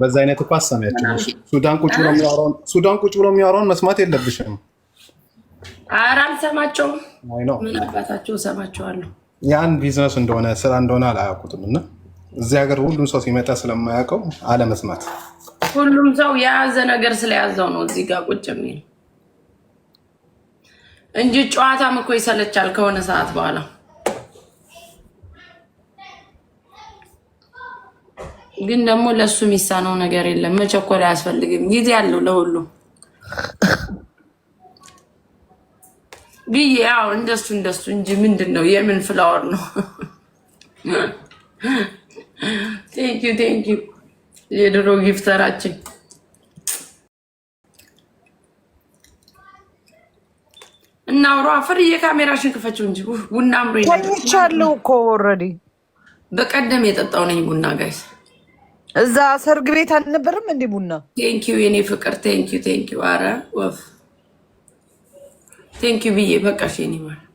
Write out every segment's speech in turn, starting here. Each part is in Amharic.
በዛ አይነት እኮ አሰሚያቸው ሱዳን ቁጭ ብሎ የሚያወራውን መስማት የለብሽም። ኧረ አልሰማቸውም። ምን አባታቸው እሰማቸዋለሁ። ያን ቢዝነስ እንደሆነ ስራ እንደሆነ አላያውቁትም። እና እዚህ ሀገር ሁሉም ሰው ሲመጣ ስለማያውቀው አለመስማት፣ ሁሉም ሰው የያዘ ነገር ስለያዘው ነው እዚህ ጋር ቁጭ የሚል እንጂ ጨዋታም እኮ ይሰለቻል ከሆነ ሰዓት በኋላ ግን ደግሞ ለእሱ የሚሳነው ነገር የለም። መቸኮል አያስፈልግም። ጊዜ አለው ለሁሉ ብዬ ያው እንደሱ እንደሱ እንጂ ምንድን ነው የምን ፍላወር ነው? ቴንኪው ቴንኪው የድሮ ጊፍተራችን እና አውሮ አፈር የካሜራሽን ክፈችው እንጂ ቡና አምሮ ይቻለው እኮ ኦልሬዲ በቀደም የጠጣው ነኝ ቡና ጋይስ እዛ ሰርግ ቤት አልነበረም እንዴ? ቡና ቴንኪዩ የኔ ፍቅር ቴንኪዩ ቴንኪዩ። አረ ወፍ ቴንኪዩ ብዬ በቃሽ። የኔ ማለት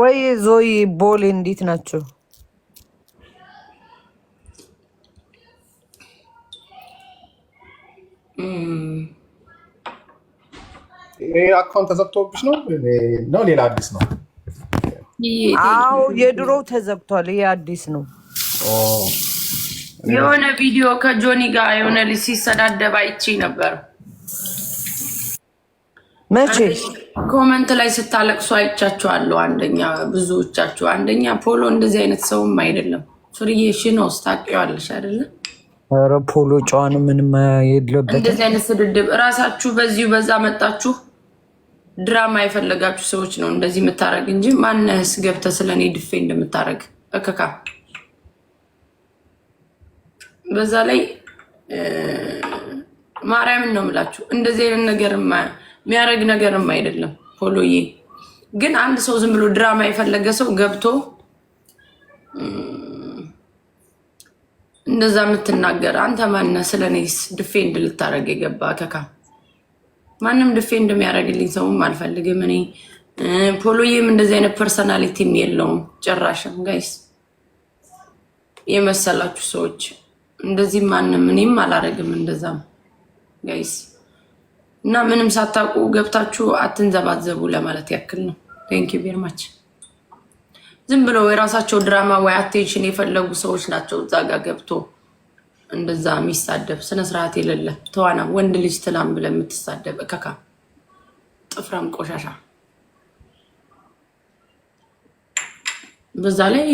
ወይ ዞይ ቦሌ እንዴት ናቸው? ይሄ አካውንት ተዘግቶብሽ ነው ነው ሌላ አዲስ ነው? አዎ የድሮው ተዘግቷል። ይሄ አዲስ ነው። የሆነ ቪዲዮ ከጆኒ ጋር የሆነ ልጅ ሲሰዳደብ አይቼ ነበር። መቼ ኮመንት ላይ ስታለቅሱ አይቻችኋለሁ። አንደኛ ብዙዎቻችሁ አንደኛ ፖሎ እንደዚህ አይነት ሰውም አይደለም። ሱሪዬሽን ውስጥ ታውቂዋለሽ አይደለም? ኧረ ፖሎ ጨዋን ምንም የለበት እንደዚህ አይነት ስድድብ። እራሳችሁ በዚሁ በዛ መጣችሁ ድራማ የፈለጋችሁ ሰዎች ነው እንደዚህ የምታደርግ እንጂ ማነህስ ገብተህ ስለእኔ ድፌ እንደምታደርግ እከካ በዛ ላይ ማርያምን ነው የምላችሁ፣ እንደዚህ አይነት ነገር የሚያደርግ ነገርም አይደለም። ፖሎዬ ግን አንድ ሰው ዝም ብሎ ድራማ የፈለገ ሰው ገብቶ እንደዛ የምትናገር አንተ ማነ? ስለ እኔስ ድፌንድ ልታደርግ የገባ ከካ ማንም ድፌንድ የሚያደርግልኝ ሰውም አልፈልግም። እኔ ፖሎዬም እንደዚህ አይነት ፐርሰናሊቲም የለውም ጭራሽም። ጋይስ የመሰላችሁ ሰዎች እንደዚህ ማንም እኔም አላደርግም እንደዛም ጋይስ እና ምንም ሳታውቁ ገብታችሁ አትንዘባዘቡ ለማለት ያክል ነው። ቴንክ ዩ ማች። ዝም ብለው የራሳቸው ድራማ ወይ አቴንሽን የፈለጉ ሰዎች ናቸው እዛ ጋር ገብቶ እንደዛ የሚሳደብ ስነስርዓት የሌለ ተዋና ወንድ ልጅ ትላም ብለ የምትሳደብ እከካ ጥፍራም ቆሻሻ በዛ ላይ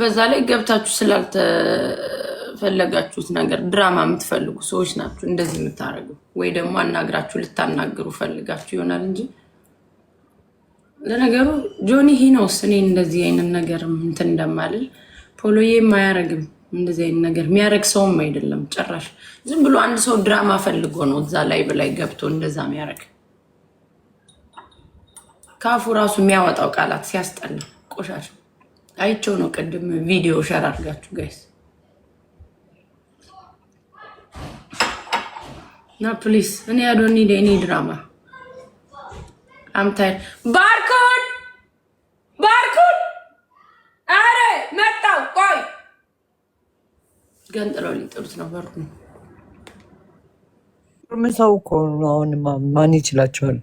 በዛ ላይ ገብታችሁ ስላልተፈለጋችሁት ነገር ድራማ የምትፈልጉ ሰዎች ናችሁ እንደዚህ የምታደርገው፣ ወይ ደግሞ አናግራችሁ ልታናግሩ ፈልጋችሁ ይሆናል እንጂ ለነገሩ ጆኒ ሂኖስ እኔ እንደዚህ አይነት ነገር እንትን እንደማልል ፖሎዬም አያረግም። እንደዚህ አይነት ነገር የሚያደርግ ሰውም አይደለም ጭራሽ። ዝም ብሎ አንድ ሰው ድራማ ፈልጎ ነው እዛ ላይ በላይ ገብቶ እንደዛ የሚያደርግ ከአፉ ራሱ የሚያወጣው ቃላት ሲያስጠላ ቆሻሽ አይቸው ነው። ቅድም ቪዲዮ ሸር አድርጋችሁ ጋይስ ና ፕሊስ። እኔ ያዶኒ እኔ ድራማ አምታይ ባርኮን ባርኮን አረ መጣው ቆይ ገንጥለው ሊጥሩት ነው በሩ ሰው እኮ አሁን ማን ይችላቸዋል?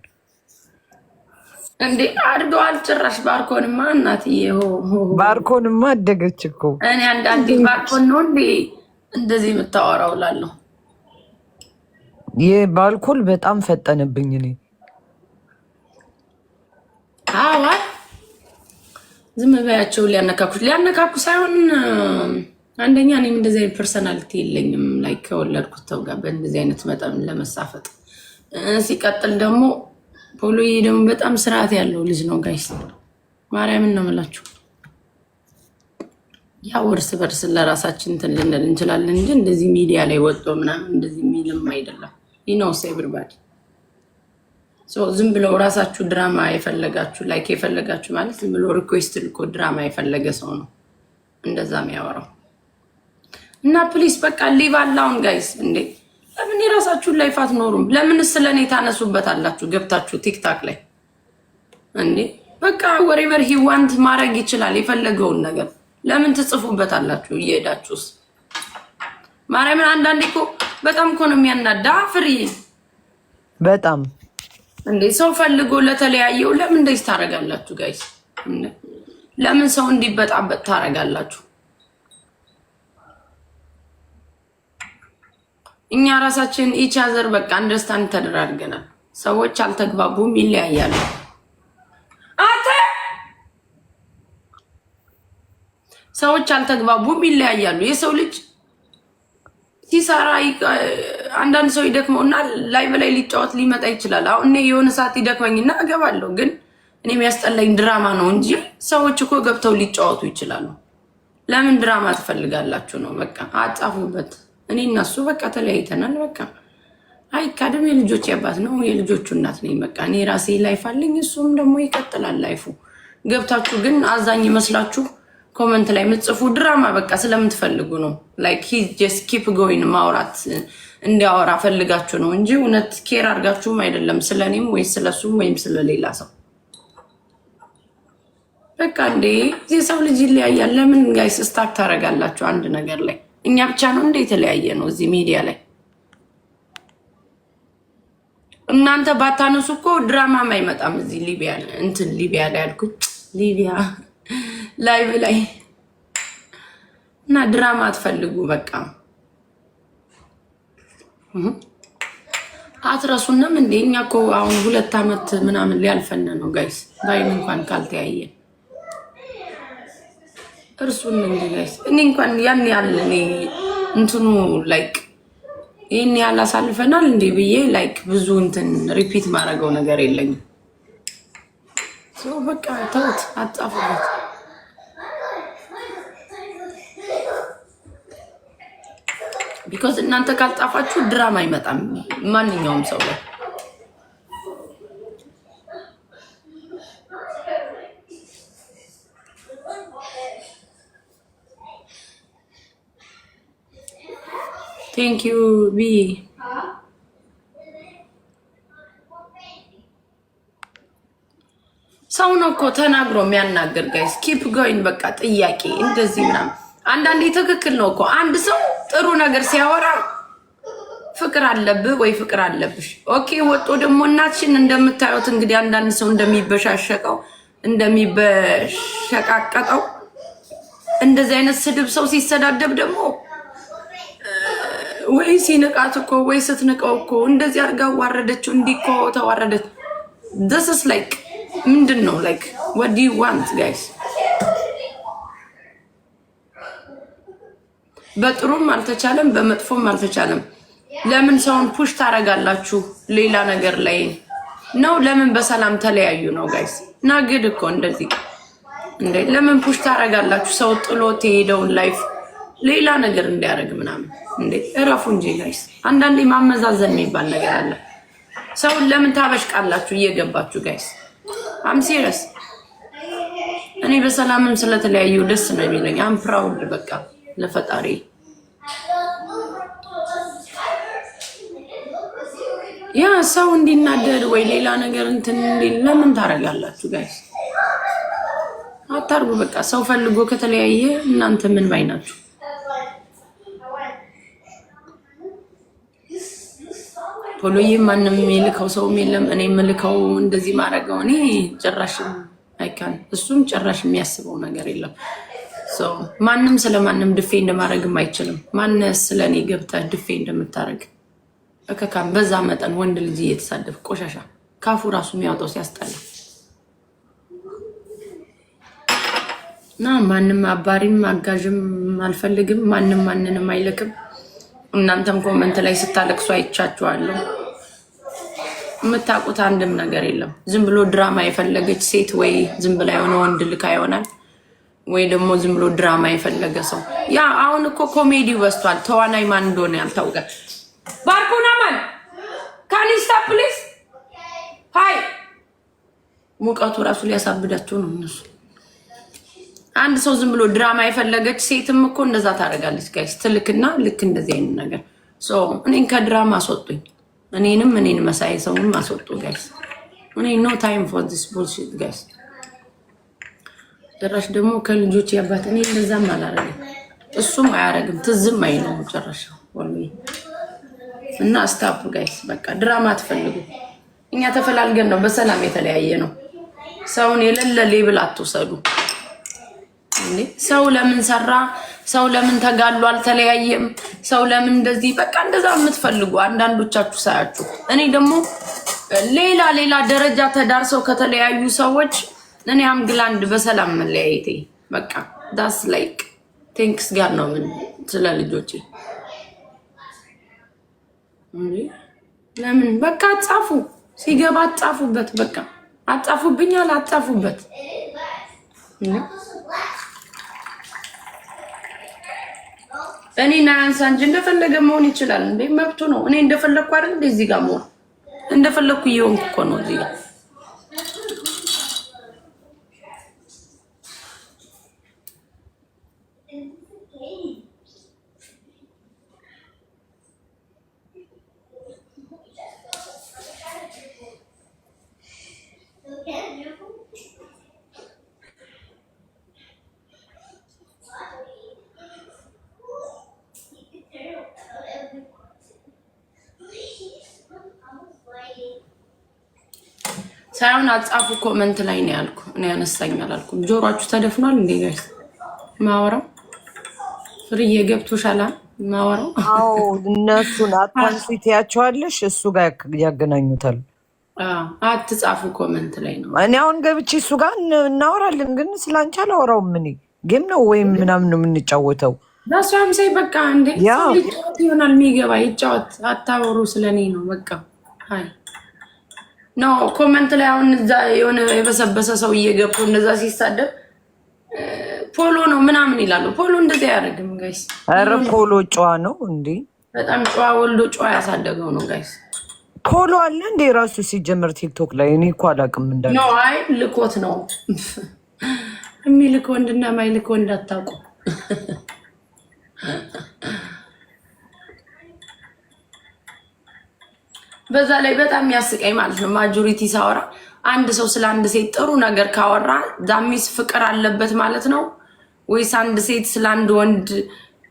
እንዴ አድገዋል። ጭራሽ ባርኮንማ እናትዬ ባርኮንማ አደገች እኮ። እኔ አንዳንዴ ባርኮን ነው እንዴ እንደዚህ የምታወራው እላለሁ። ይህ ባልኮል በጣም ፈጠነብኝ። እኔ አዋ ዝም በያቸው ሊያነካኩ ሊያነካኩ ሳይሆን አንደኛ እኔም እንደዚህ አይነት ፐርሰናሊቲ የለኝም። ላይ ከወለድኩት ተው ጋር በእንደዚህ አይነት መጠን ለመሳፈጥ ሲቀጥል ደግሞ ፖሎዬ ደግሞ በጣም ስርዓት ያለው ልጅ ነው ጋይስ። ማርያምን ነው የምላችሁ። ያው እርስ በርስ ለራሳችን እንትን ልንል እንችላለን እንጂ እንደዚህ ሚዲያ ላይ ወጥቶ ምናምን እንደዚህ የሚልም አይደለም። ይኖስ ኤብሪባዲ ዝም ብለው ራሳችሁ ድራማ የፈለጋችሁ ላይክ የፈለጋችሁ ማለት ዝም ብሎ ሪኩዌስት ልኮ ድራማ የፈለገ ሰው ነው እንደዛ የሚያወራው እና ፕሊስ በቃ ሊቭ አላውን ጋይስ እንዴ ለምን የራሳችሁን ላይፍ አትኖሩም? ለምን ስለኔ ታነሱበት አላችሁ ገብታችሁ ቲክታክ ላይ እንዴ? በቃ ወሬቨር ሂዋንት ማድረግ ይችላል የፈለገውን ነገር ለምን ትጽፉበት አላችሁ እየሄዳችሁስ? ማርያምን አንዳንዴ እኮ በጣም እኮ ነው የሚያናዳ ፍሪ በጣም እንዴ ሰው ፈልጎ ለተለያየው ለምን እንደዚህ ታደርጋላችሁ ጋይስ? ለምን ሰው እንዲበጣበጥ ታደርጋላችሁ? እኛ ራሳችን ኢች አዘር በቃ አንደርስታንድ ተደራርገናል። ሰዎች አልተግባቡም፣ ይለያያሉ። አንተ ሰዎች አልተግባቡም፣ ይለያያሉ። የሰው ልጅ ሲሰራ አንዳንድ ሰው ይደክመውና ላይ በላይ ሊጫወት ሊመጣ ይችላል። አሁን እኔ የሆነ ሰዓት ይደክመኝና እገባለሁ፣ ግን እኔ የሚያስጠላኝ ድራማ ነው እንጂ ሰዎች እኮ ገብተው ሊጫወቱ ይችላሉ። ለምን ድራማ ትፈልጋላችሁ ነው? በቃ አጻፉበት። እኔ እናሱ በቃ ተለያይተናል። በቃ አይካድም። የልጆች አባት ነው፣ የልጆቹ እናት ነኝ። በቃ እኔ ራሴ ላይፍ አለኝ፣ እሱም ደግሞ ይቀጥላል ላይፉ። ገብታችሁ ግን አዛኝ ይመስላችሁ ኮመንት ላይ የምትጽፉ ድራማ በቃ ስለምትፈልጉ ነው። ላይክ ሂ ጀስት ኪፕ ጎይን ማውራት እንዲያወራ ፈልጋችሁ ነው እንጂ እውነት ኬር አድርጋችሁም አይደለም ስለእኔም ወይ ስለሱም ወይም ስለሌላ ሰው። በቃ እንዴ የሰው ልጅ ይለያያል። ለምን ጋይስ ስታክ ታደርጋላችሁ አንድ ነገር ላይ? እኛ ብቻ ነው እንደ የተለያየ ነው እዚህ ሚዲያ ላይ እናንተ ባታነሱ እኮ ድራማም አይመጣም። እዚህ ሊቢያ እንትን ሊቢያ ላይ አልኩኝ ሊቢያ ላይቭ ላይ እና ድራማ አትፈልጉ። በቃ አትረሱንም እንዴ? እኛ እኮ አሁን ሁለት አመት ምናምን ሊያልፈን ነው ጋይስ። ዛሬም እንኳን ካልተያየን እርሱን እንግዲህ እኔ እንኳን ያን ያህል እኔ እንትኑ ላይክ ይህን ያህል አሳልፈናል እንዴ ብዬ ላይክ ብዙ እንትን ሪፒት ማድረገው ነገር የለኝም። በቃ ተውት፣ አትጻፉበት። ቢኮዝ እናንተ ካልጣፋችሁ ድራማ አይመጣም ማንኛውም ሰው ላይ ቴንክ ዩ ቢ ሰው ነው እኮ ተናግሮ የሚያናገር። ጋይስ ኪፕ ጎይን በቃ ጥያቄ እንደዚህ ምናምን አንዳንዴ ትክክል ነው እኮ አንድ ሰው ጥሩ ነገር ሲያወራ ፍቅር አለብህ ወይ ፍቅር አለብሽ። ኦኬ ወጦ ደግሞ እናትሽን እንደምታዩት እንግዲህ አንዳንድ ሰው እንደሚበሻሸቀው እንደሚበሸቃቀጠው እንደዚህ አይነት ስድብ ሰው ሲሰዳደብ ደግሞ ወይ ሲንቃት እኮ ወይ ስትንቀው እኮ እንደዚህ አድርጋ ዋረደችው፣ እንዲህ እኮ ተዋረደች። this is ላይክ ምንድን ነው ላይክ what do you በጥሩም አልተቻለም በመጥፎም አልተቻለም። ለምን ሰውን ፑሽ ታደርጋላችሁ ሌላ ነገር ላይ ነው? ለምን በሰላም ተለያዩ ነው ጋይስ? ናግድ እኮ እንደዚህ ለምን ፑሽ ታደርጋላችሁ ሰው ጥሎት የሄደውን ላይፍ ሌላ ነገር እንዲያደርግ ምናምን እንዴ እረፉ እንጂ ጋይስ። አንዳንዴ ማመዛዘን የሚባል ነገር አለ። ሰውን ለምን ታበሽቃላችሁ እየገባችሁ ጋይስ? አም ሲሪየስ። እኔ በሰላምም ስለተለያዩ ደስ ነው የሚለኝ። አም ፕራውድ በቃ ለፈጣሪ ያ ሰው እንዲናደድ ወይ ሌላ ነገር እንትን እንዲል ለምን ታደርጋላችሁ ጋይስ? አታርጉ። በቃ ሰው ፈልጎ ከተለያየ እናንተ ምን ባይ ናችሁ? ቶሎዬ ማንም የልከው ሰውም የለም። እኔ የምልከው እንደዚህ ማድረገው እኔ ጭራሽ አይካን እሱም ጭራሽ የሚያስበው ነገር የለም። ማንም ስለ ማንም ድፌ እንደማድረግም አይችልም። ማን ስለ እኔ ገብተህ ድፌ እንደምታደረግ እከካም በዛ መጠን ወንድ ልጅ እየተሳደብ ቆሻሻ ካፉ ራሱ የሚያወጣው ሲያስጠላ እና ማንም አባሪም አጋዥም አልፈልግም። ማንም ማንንም አይልክም። እናንተም ኮመንት ላይ ስታለቅሱ አይቻችኋለሁ። የምታውቁት አንድም ነገር የለም። ዝም ብሎ ድራማ የፈለገች ሴት ወይ ዝም ብላ የሆነ ወንድ ልካ ይሆናል ወይ ደግሞ ዝም ብሎ ድራማ የፈለገ ሰው። ያ አሁን እኮ ኮሜዲ በዝቷል። ተዋናይ ማን እንደሆነ ያልታወቀ ባርኮና ማን ካኒስታ ፕሊስ ሀይ ሙቀቱ ራሱ ሊያሳብዳቸው ነው እነሱ አንድ ሰው ዝም ብሎ ድራማ የፈለገች ሴትም እኮ እንደዛ ታደርጋለች። ጋይስ ትልክና ልክ እንደዚህ አይነት ነገር እኔን ከድራማ አስወጡኝ። እኔንም እኔን መሳይ ሰውንም አስወጡ ጋይስ። እኔ ኖ ታይም ፎር ዲስ ቡልሺት ጋይስ። ጭራሽ ደግሞ ከልጆች ያባት እኔ እንደዛም አላረግም እሱም አያረግም ትዝም አይለውም ጭራሽ እና ስታፕ ጋይስ። በቃ ድራማ አትፈልጉ። እኛ ተፈላልገን ነው በሰላም የተለያየ ነው። ሰውን የሌለ ሌብል አትውሰዱ። ሰው ለምን ሰራ፣ ሰው ለምን ተጋሉ፣ አልተለያየም፣ ሰው ለምን እንደዚህ በቃ እንደዛ የምትፈልጉ አንዳንዶቻችሁ ሳያችሁ፣ እኔ ደግሞ ሌላ ሌላ ደረጃ ተዳርሰው ከተለያዩ ሰዎች እኔ አምግላንድ በሰላም መለያየቴ በቃ ዳስ ላይክ ቴንክስ ጋር ነው። ምን ስለ ልጆቼ ለምን በቃ አጻፉ ሲገባ አጻፉበት፣ በቃ አጻፉብኛል፣ አጻፉበት እኔ ና ያንሳ እንጂ እንደፈለገ መሆን ይችላል እንዴ? መብቱ ነው። እኔ እንደፈለግኩ አይደል እዚህ ጋር መሆን እንደፈለግኩ እየሆንኩ እኮ ነው እዚህ ጋር ሳይሆን አጻፉ ኮመንት ላይ ነው ያልኩ። እኔ አነሳኝ አላልኩም። ጆሯችሁ ተደፍኗል እንዴ ጋይስ? ማወራው ፍርዬ ገብቶሻል? ማወራው አዎ፣ እነሱን አታንሱት ያቸዋለሽ። እሱ ጋር ያገናኙታል። አትጻፉ ኮመንት ላይ ነው። እኔ አሁን ገብቼ እሱ ጋር እናወራለን፣ ግን ስላንቺ አላወራውም። ምን ጌም ነው ወይም ምናምን ነው የምንጫወተው። ዳሷም ሳይ በቃ እንዴ ሊጫወት ይሆናል የሚገባ ይጫወት። አታወሩ ስለኔ ነው በቃ አይ ኖ ኮመንት ላይ አሁን እዛ የሆነ የበሰበሰ ሰውዬ እየገቡ እንደዛ ሲሳደብ ፖሎ ነው ምናምን ይላሉ። ፖሎ እንደዚህ አያደርግም ጋይስ። ኧረ ፖሎ ጨዋ ነው እንዴ! በጣም ጨዋ ወልዶ ጨዋ ያሳደገው ነው ጋይስ። ፖሎ አለ እንዴ ራሱ ሲጀምር ቲክቶክ ላይ እኔ እኮ አላውቅም እንዳ ነው። አይ ልኮት ነው የሚልክ ወንድና ማይልክ ወንድ አታውቁ በዛ ላይ በጣም የሚያስቀኝ ማለት ነው ማጆሪቲ ሳወራ አንድ ሰው ስለ አንድ ሴት ጥሩ ነገር ካወራ ዛሚስ ፍቅር አለበት ማለት ነው ወይስ አንድ ሴት ስለ አንድ ወንድ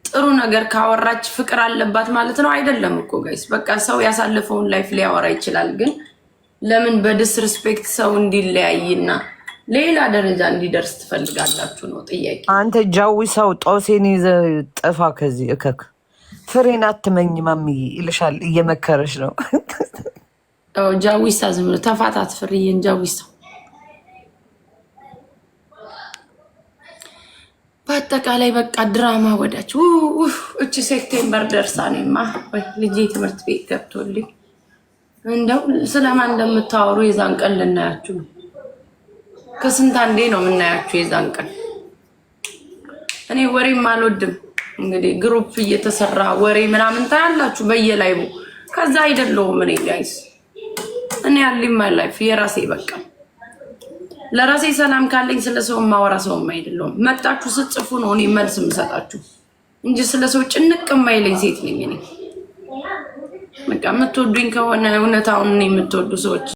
ጥሩ ነገር ካወራች ፍቅር አለባት ማለት ነው? አይደለም እኮ ጋይስ። በቃ ሰው ያሳለፈውን ላይፍ ሊያወራ ይችላል። ግን ለምን በዲስሪስፔክት ሰው እንዲለያይና ሌላ ደረጃ እንዲደርስ ትፈልጋላችሁ ነው ጥያቄ። አንተ ጃዊ ሰው ጦሴን ይዘ ጥፋ ከዚህ እከክ ፍሬን አትመኝ ማሚ ይልሻል፣ እየመከረች ነው ጃዊሳ ዝም ብሎ ተፋታት። ፍርዬን ጃዊሳ በአጠቃላይ በቃ ድራማ ወዳች እቺ ሴፕቴምበር ደርሳ ነማ ልጄ ትምህርት ቤት ገብቶልኝ እንደው ስለማን እንደምታወሩ የዛን ቀን ልናያችሁ ነው። ከስንት አንዴ ነው የምናያችሁ የዛን ቀን። እኔ ወሬም አልወድም። እንግዲህ ግሩፕ እየተሰራ ወሬ ምናምን ታያላችሁ በየላይቡ። ከዛ አይደለሁም እኔ ጋይስ እኔ ያለኝ ላይፍ የራሴ በቃ ለራሴ ሰላም ካለኝ ስለ ሰው ማወራ ሰውም አይደለሁም። መጣችሁ ስጽፉ ነው እኔ መልስ የምሰጣችሁ እንጂ ስለ ሰው ጭንቅ የማይለኝ ሴት ነኝ እኔ። በቃ የምትወዱኝ ከሆነ እውነታውን የምትወዱ ሰዎች